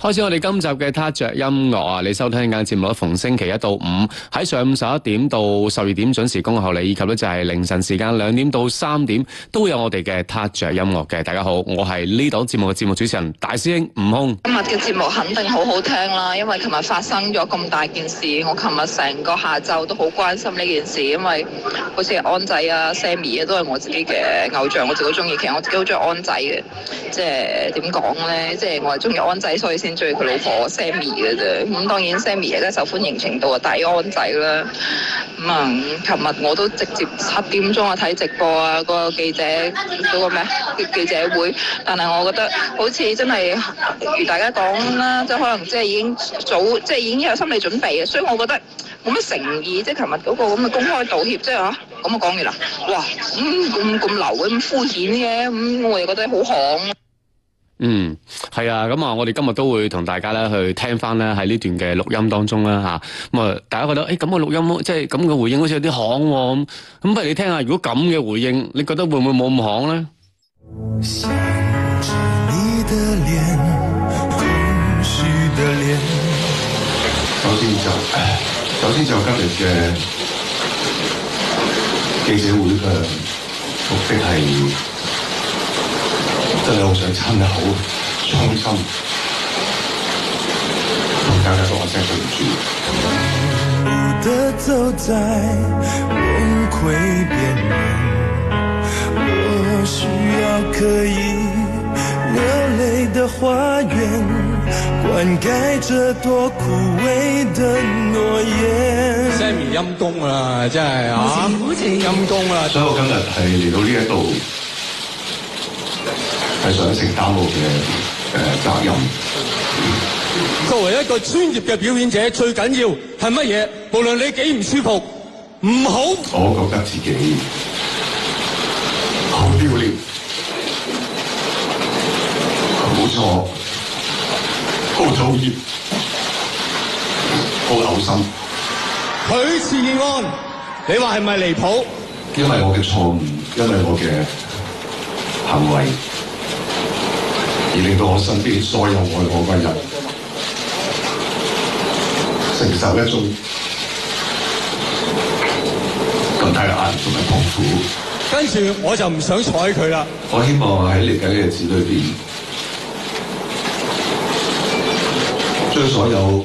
開始我哋今集嘅 Touch 着音樂啊！你收聽緊節目逢星期一到五喺上午十一點到十二點準時恭候你，以及咧就係凌晨時間兩點到三點都有我哋嘅 Touch 着音樂嘅。大家好，我係呢檔節目嘅節目主持人大師兄悟空。今日嘅節目肯定好好聽啦，因為琴日發生咗咁大件事，我琴日成個下晝都好關心呢件事，因為好似係安仔啊、Sammy 啊都係我自己嘅偶像，我自己好中意，其實我自己好中意安仔嘅，即係點講咧，即係我係中意安仔，所以先。追佢老婆 Sammy 嘅啫，咁、嗯、當然 Sammy 亦都受歡迎程度啊大安仔啦。咁、嗯、啊，琴日我都直接七點鐘啊睇直播啊，個記者嗰個咩、個，記者會，但係我覺得好似真係如大家講啦，即係可能即係已經早，即、就、係、是、已經有心理準備啊。所以我覺得冇乜誠意，即係琴日嗰個咁嘅公開道歉，即係嚇咁啊講完啦。哇，咁咁咁流嘅，咁敷衍嘅，咁、嗯、我哋覺得好行。嗯，係啊，咁啊，我哋今日都會同大家咧去聽翻咧喺呢段嘅錄音當中啦，吓咁啊，大家覺得誒，咁個錄音即係咁個回應好似有啲巷，咁咁不如你聽下，如果咁嘅回應，你覺得會唔會冇咁巷咧？首先就，首先就今日嘅記者會嘅目的係。真係好想親口衷心同大家講聲對唔住。我孤走在崩潰邊緣我需要可以流淚的花園灌溉這朵枯萎的諾言。Sammy 真係陰公啊！真係啊！陰公啊！所以我今日係嚟到呢一度。係想承擔我嘅誒責任。作為一個專業嘅表演者，最緊要係乜嘢？無論你幾唔舒服，唔好。我覺得自己好丟架，冇錯，好討厭，好噁心。許志安，你話係咪離譜？因為我嘅錯誤，因為我嘅行為。而令到我身邊所有愛我嘅人承受一種咁大壓同埋痛苦，跟住我就唔想睬佢啦。我希望喺嚟緊嘅日子裏邊，將所有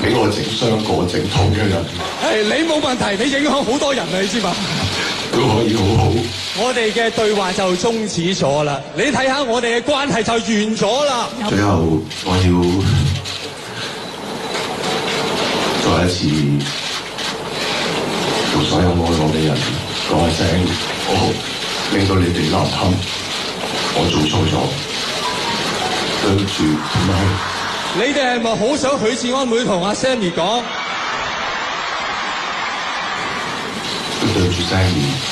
俾我整傷、過我整痛嘅人，係你冇問題，你影響好多人啊，你知嘛？都可以好好。我哋嘅對話就終止咗啦，你睇下我哋嘅關係就完咗啦。最後我要再一次同所有愛我嘅人講聲，我好令到你哋難堪，我做錯咗。對唔住，你是是對你哋係咪好想許志安會同阿 Sammy 講？對唔住，Sammy。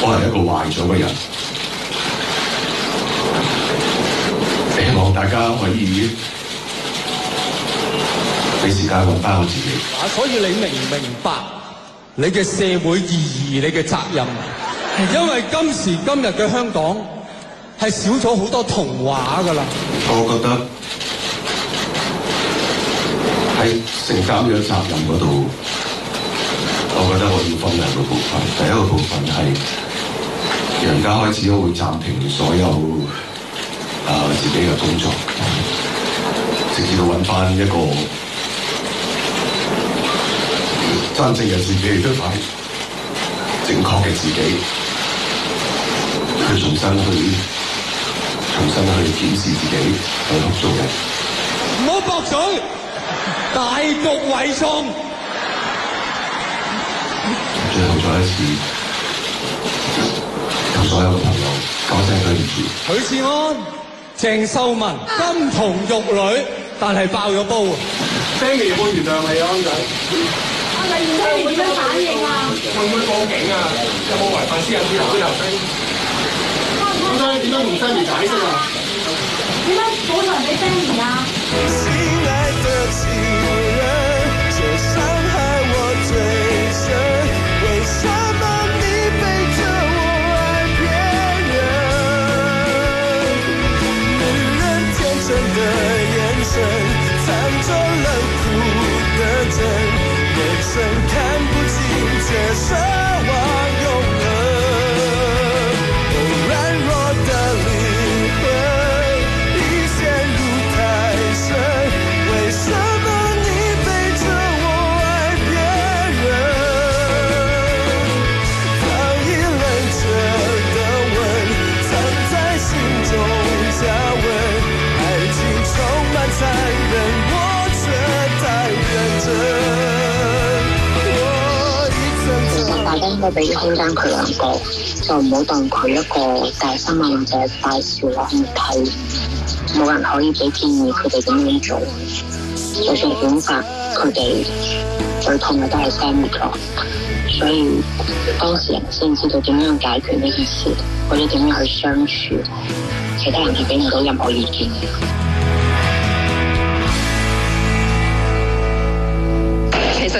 我係一個壞咗嘅人，希望大家可以俾時間換返好自己。啊，所以你明唔明白你嘅社會意義、你嘅責任？因為今時今日嘅香港係少咗好多童話㗎喇。我覺得喺承擔咗責任嗰度，我覺得我要分兩個部分。第一個部分係。人家開始會會暫停所有啊、呃、自己嘅工作，嗯、直至到揾翻一個真正嘅自己，即係反正確嘅自己，去重新去重新去檢視自己去做人。唔好博水，大局為重，最後再一次。所有嘅朋友講聲對唔住。許志安、鄭秀文金童玉女，但係爆咗煲。Sammy 會原諒李安仔？阿李安仔點樣反應啊？會唔會報警啊？有冇違法私隱之類嘅郵箱？咁睇你點樣同 Sammy 解釋？點解冇人俾 Sammy 啊？俾空間佢兩個，就唔好當佢一個大新聞大，就係大事嚟睇。冇人可以俾建議佢哋點樣做，就算警察佢哋最痛嘅都係 family。所以當時人先知道點樣解決呢件事，或者點樣去相處，其他人就俾唔到任何意見。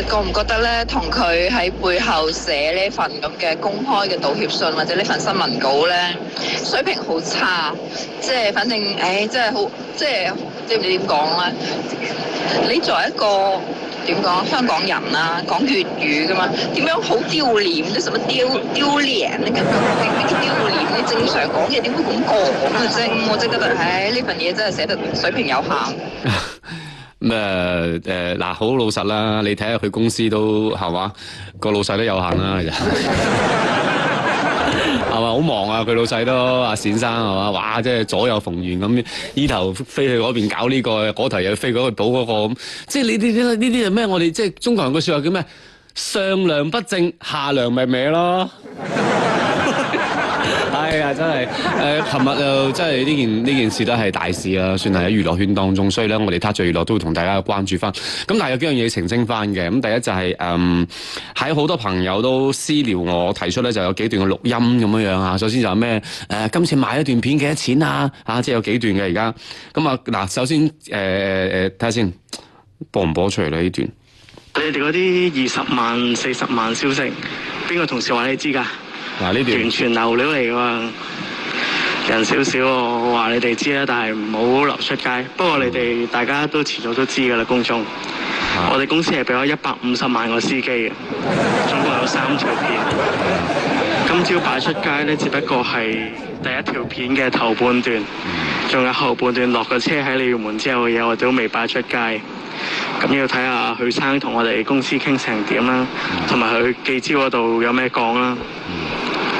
覺唔覺得咧，同佢喺背後寫呢份咁嘅公開嘅道歉信或者呢份新聞稿咧，水平好差，即係反正，唉，即係好，即係即係唔知點講啦。你作為一個點講香港人啊，講粵語噶嘛，點樣好丟臉咧？什麼丟丟臉咧？咁樣丟臉，你正常講嘢點會咁講啊？正我即覺得，唉，呢份嘢真係寫得水平有限。 咁誒嗱，好、嗯、老實啦，你睇下佢公司都係嘛，個老細都有限啦，係嘛，好 忙啊，佢老細都阿冼生係嘛，哇，即、就、係、是、左右逢源咁，呢頭飛去嗰邊搞呢、這個，嗰頭又飛去度補嗰、那個咁，即係呢啲呢啲係咩？我哋即係中國人嘅説話叫咩？上梁不正，下梁咪歪咯。真係誒，琴日就真係呢件呢 件事都係大事啊，算係喺娛樂圈當中，所以咧我哋塔聚娛樂都會同大家關注翻。咁但係有幾樣嘢澄清翻嘅。咁第一就係、是、誒，喺、嗯、好多朋友都私聊我提出咧，就有幾段嘅錄音咁樣啊。首先就係咩誒，今次買一段片幾多錢啊？啊即係有幾段嘅而家。咁啊嗱，首先誒睇下先，播唔播出嚟呢？呢段你哋嗰啲二十萬、四十萬消息，邊個同事話你知㗎？啊、完全流料嚟噶嘛，人少少我話你哋知啦，但係唔好流出街。不過你哋、嗯、大家都遲早都知噶啦，公眾。我哋公司係俾咗一百五十萬個司機嘅，總共有三條片。今朝擺出街呢，只不過係第一條片嘅頭半段，仲有後半段落個車喺你的門之後嘅嘢我哋都未擺出街。咁要睇下許生同我哋公司傾成點啦，同埋佢記招嗰度有咩講啦。嗯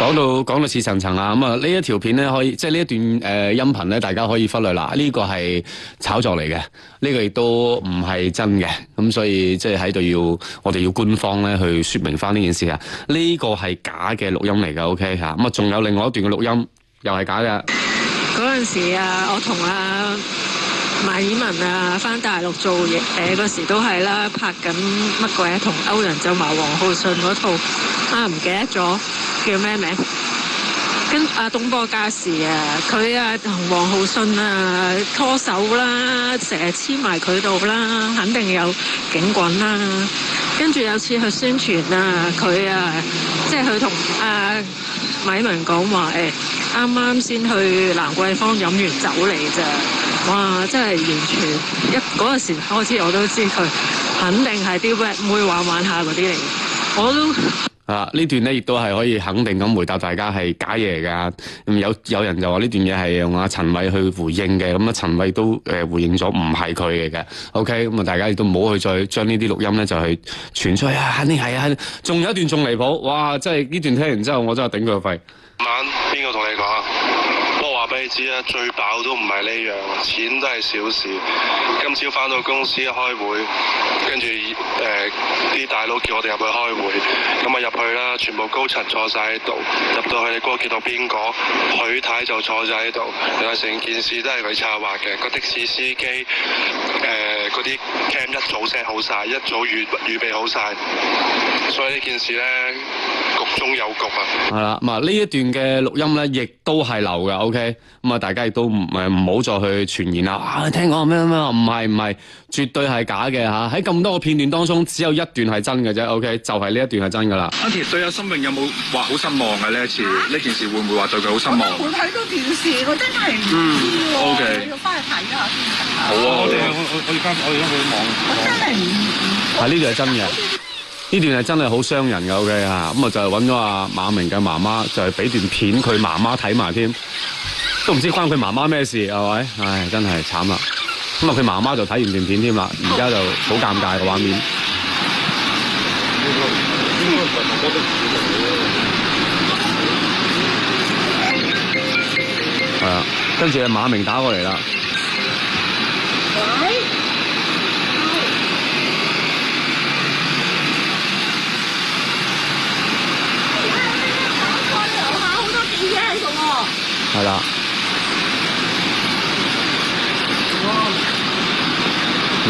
講到講到似層層啊，咁啊，呢一條片咧可以，即係呢一段誒音頻咧，大家可以忽略啦。呢、這個係炒作嚟嘅，呢、這個亦都唔係真嘅，咁所以即係喺度要我哋要官方咧去說明翻呢件事啊。呢個係假嘅錄音嚟嘅，OK 吓。咁啊，仲有另外一段嘅錄音又係假嘅。嗰陣時啊，我同阿馬爾文啊翻大陸做嘢，誒、呃、嗰時都係啦，拍緊乜鬼同歐陽震華、王浩信嗰套啊，唔記得咗。叫咩名？跟阿董、啊、波家時啊，佢啊同王浩信啊拖手啦、啊，成日黐埋佢度啦，肯定有景轟啦、啊。跟住有次去宣傳啊，佢啊即係佢同阿米文講話，誒、欸，啱啱先去蘭桂坊飲完酒嚟咋？哇，真係完全一嗰陣、那個、時開始我，我都知佢肯定係啲 rap 妹玩玩下嗰啲嚟我都。啊！呢段咧亦都係可以肯定咁回答大家係假嘢嚟噶。咁有有人就話呢段嘢係用阿陳偉去回應嘅，咁啊陳偉都、呃、回應咗唔係佢嚟嘅。OK，咁、嗯、啊大家亦都唔好去再將呢啲錄音咧就去傳出啊！肯定係啊，仲、啊啊啊啊啊、有一段仲離譜，哇！真係呢段聽完之後，我真係頂佢個肺。晚邊個同你講啊？知啦，最爆都唔係呢樣，錢都係小事。今朝返到公司開會，跟住誒啲大佬叫我哋入去開會，咁啊入去啦，全部高層坐晒喺度。入到去你估叫到邊個？許太就坐晒喺度，因為成件事都係佢策劃嘅。個的士司機誒嗰啲 cam 一早 set 好晒，一早預預備好晒。所以呢件事呢。中有局啊，係啦、嗯，嘛呢一段嘅錄音咧，亦都係流嘅，OK。咁啊，大家亦都唔唔好再去傳言啦、啊。聽講咩咩唔係唔係，絕對係假嘅吓。喺咁多個片段當中，只有一段係真嘅啫，OK。就係呢一段係真噶啦。阿杰對阿心穎有冇話好失望嘅呢一次，呢、啊、件事會唔會話對佢好失望？我睇到電視，我真係唔知喎。O、okay、K。要翻去睇啊！好啊！我啊我我而家我已經去網，我，我，我，我，我，我真係唔知道。係呢個係真嘅。呢段係真係好傷人嘅，我 k 下咁啊，就係揾咗阿馬明嘅媽媽，就係俾段片佢媽媽睇埋添，都唔知關佢媽媽咩事係咪？唉，真係慘啦！咁啊、嗯，佢媽媽就睇完段片添啦，而家就好尷尬嘅畫面。係啊、嗯，跟住阿馬明打過嚟啦。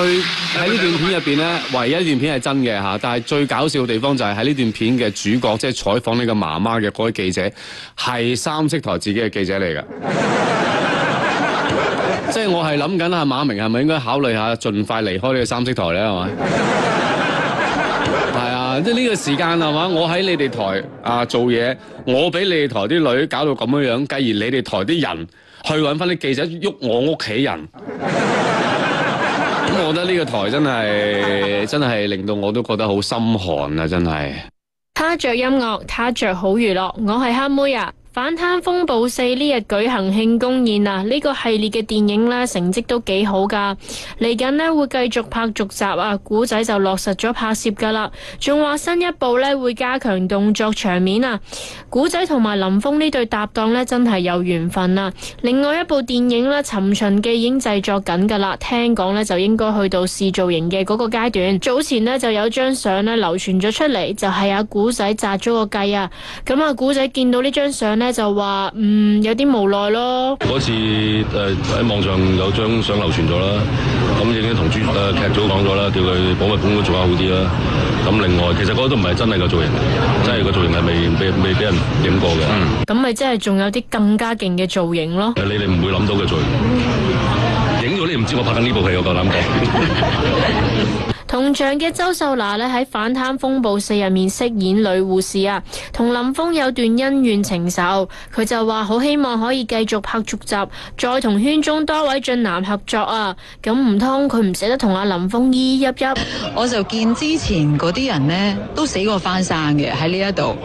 最喺呢段片入邊咧，唯一一段片係真嘅吓，但係最搞笑嘅地方就係喺呢段片嘅主角，即係採訪呢個媽媽嘅嗰位記者，係三色台自己嘅記者嚟噶。 即係我係諗緊阿馬明係咪應該考慮下盡快離開呢個三色台咧？係咪？係 啊，即係呢個時間係嘛？我喺你哋台啊做嘢，我俾你哋台啲女搞到咁樣樣，繼而你哋台啲人去揾翻啲記者喐我屋企人。我覺得呢個台，真係真係令到我都覺得好心寒啊！真係，他着音樂，他着好娛樂，我係黑妹啊！反貪風暴四呢日舉行慶功宴啊！呢個系列嘅電影呢，成績都幾好噶，嚟緊呢會繼續拍續集啊！古仔就落實咗拍攝噶啦，仲話新一部呢會加強動作場面啊！古仔同埋林峰呢對搭檔呢，真係有緣分啊！另外一部電影呢《尋秦記》已經製作緊噶啦，聽講呢，就應該去到試造型嘅嗰個階段。早前呢就有張相呢，流傳咗出嚟，就係阿古仔紮咗個髻啊！咁阿古仔見到呢張相。咧就話，嗯，有啲無奈咯。嗰次誒，喺、呃、網上有張相流傳咗啦，咁已經同專誒劇組講咗啦，叫佢保密館都做下好啲啦。咁另外其實嗰個都唔係真係嘅造型，真係個造型係未未俾人影過嘅。咁咪即係仲有啲更加勁嘅造型咯。你哋唔會諗到嘅造型，影咗、嗯、你唔知我拍緊呢部戲有夠膽嘅。我 同場嘅周秀娜呢喺反貪風暴四入面飾演女護士啊，同林峯有段恩怨情仇，佢就話好希望可以繼續拍續集，再同圈中多位俊男合作啊！咁唔通佢唔捨得同阿林峯依依泣泣？我就見之前嗰啲人呢都死過翻生嘅喺呢一度，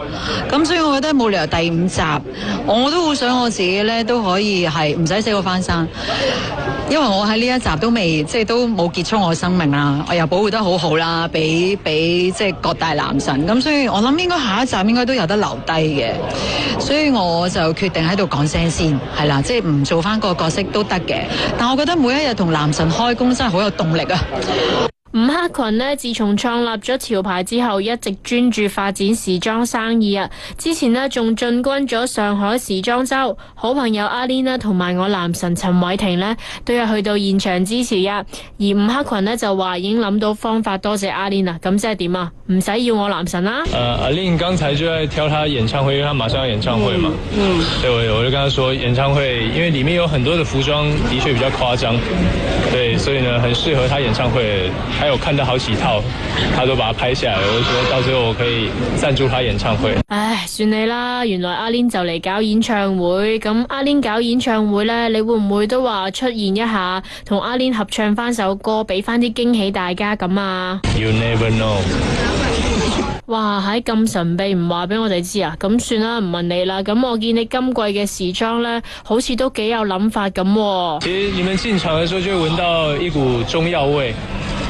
咁所以我覺得冇理由第五集我都好想我自己呢都可以係唔使死過翻生。因為我喺呢一集都未，即係都冇結束我嘅生命啦，我又保護得好好啦，俾俾即係各大男神，咁所以我諗應該下一集應該都有得留低嘅，所以我就決定喺度講聲先，係啦，即係唔做翻個角色都得嘅，但我覺得每一日同男神開工真係好有動力啊。吳克群呢自從創立咗潮牌之後，一直專注發展時裝生意啊。之前呢仲進軍咗上海時裝周，好朋友阿 Lin 同埋我男神陳偉霆呢都有去到現場支持啊。而吳克群呢就話已經諗到方法謝謝，多謝阿 Lin 啦。咁即係點啊？唔使要我男神啦，啊。阿 Lin 剛才就在挑他演唱會，因為他馬上要演唱會嘛。嗯、mm。Hmm. 對，我我就跟他說演唱會，因為裏面有很多的服裝，的確比較誇張，對，所以呢很適合他演唱會。我有看到好幾套，他都把它拍下來。我話說到時候我可以贊助他演唱會。唉，算你啦。原來阿 Lin 就嚟搞演唱會，咁阿 Lin 搞演唱會呢？你會唔會都話出現一下，同阿 Lin 合唱翻首歌，俾翻啲驚喜大家咁啊？You never know。哇，喺咁神秘唔話俾我哋知啊？咁算啦，唔問你啦。咁我見你今季嘅時裝呢，好似都幾有諗法咁啊。其實你們進場嘅時候就會聞到一股中藥味。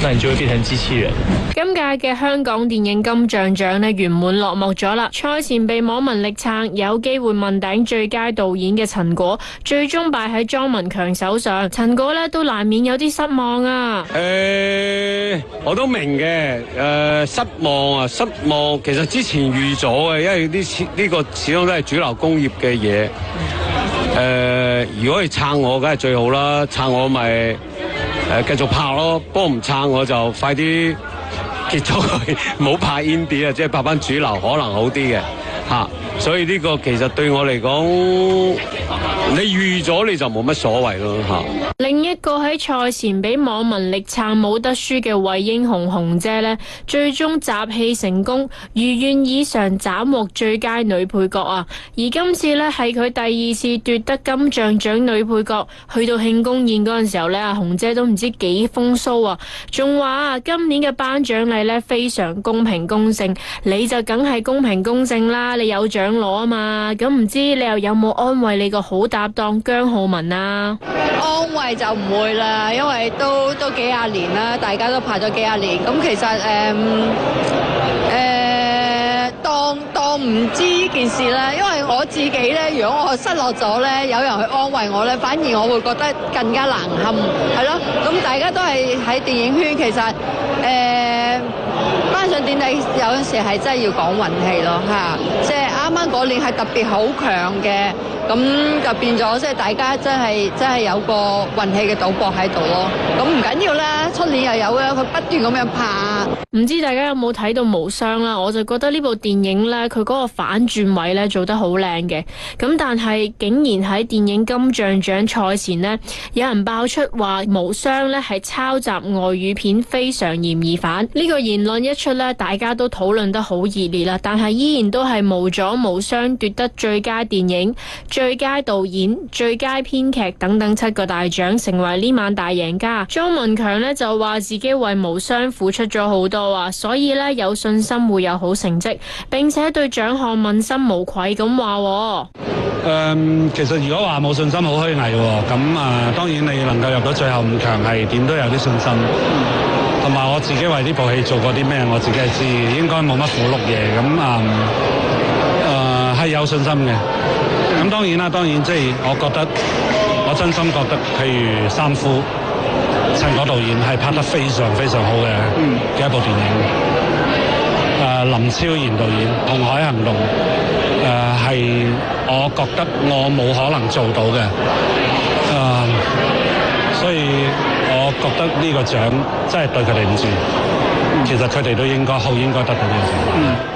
嗱，人就會變成機器人。今屆嘅香港電影金像獎呢，圓滿落幕咗啦。賽前被網民力撐，有機會問鼎最佳導演嘅陳果，最終敗喺莊文強手上。陳果呢都難免有啲失望啊。誒、呃，我都明嘅。誒、呃，失望啊，失望。其實之前預咗嘅，因為呢呢，這個始終都係主流工業嘅嘢。誒、呃，如果係撐我，梗係最好啦。撐我咪，就是。誒繼續拍咯，幫唔撐我就快啲結束，唔好拍 indie 即係拍翻主流可能好啲嘅。吓，所以呢個其實對我嚟講，你預咗你就冇乜所謂咯吓。另一個喺賽前俾網民力撐冇得輸嘅惠英紅紅姐咧，最終集氣成功如願以償，斬獲最佳女配角啊！而今次咧係佢第二次奪得金像獎女配角，去到慶功宴嗰陣時候咧，阿紅姐都唔知幾風騷啊！仲話今年嘅頒獎禮咧非常公平公正，你就梗係公平公正啦。你有獎攞啊嘛？咁唔知你又有冇安慰你個好搭檔姜浩文啊？安慰就唔會啦，因為都都幾廿年啦，大家都排咗幾廿年。咁其實誒誒，當當唔知呢件事啦，因為我自己呢，如果我失落咗呢，有人去安慰我呢，反而我會覺得更加難堪，係咯。咁大家都係喺電影圈，其實誒。有陣時係真係要講運氣咯，吓、就是，即係啱啱 𠮶 年係特別好強嘅。咁就變咗，即係大家真係真係有個運氣嘅賭博喺度咯。咁唔緊要啦，出年又有啦，佢不斷咁樣拍。唔知大家有冇睇到《無雙》啦？我就覺得呢部電影呢，佢嗰個反轉位呢做得好靚嘅。咁但係竟然喺電影金像獎賽前呢，有人爆出話《無雙》呢係抄襲外語片《非常嫌疑犯》呢。呢個言論一出呢，大家都討論得好熱烈啦。但係依然都係無阻無雙奪得最佳電影。最佳導演、最佳編劇等等七個大獎，成為呢晚大贏家。莊文強呢就話自己為無雙付出咗好多啊，所以呢有信心會有好成績，並且對獎項問心無愧咁話。誒、嗯，其實如果話冇信心好虛偽，咁啊、呃，當然你能夠入到最後五強係點都有啲信心。同埋、嗯、我自己為呢部戲做過啲咩，我自己係知，應該冇乜苦碌嘢，咁啊，誒、呃、係、呃、有信心嘅。咁當然啦、啊，當然即係我覺得，我真心覺得，譬如三夫陳果導演係拍得非常非常好嘅嘅一部電影。誒、嗯呃，林超賢導演《紅海行動》誒、呃、係我覺得我冇可能做到嘅。誒、呃，所以我覺得呢個獎真係對佢哋唔住。嗯、其實佢哋都應該好應該得到呢個獎。嗯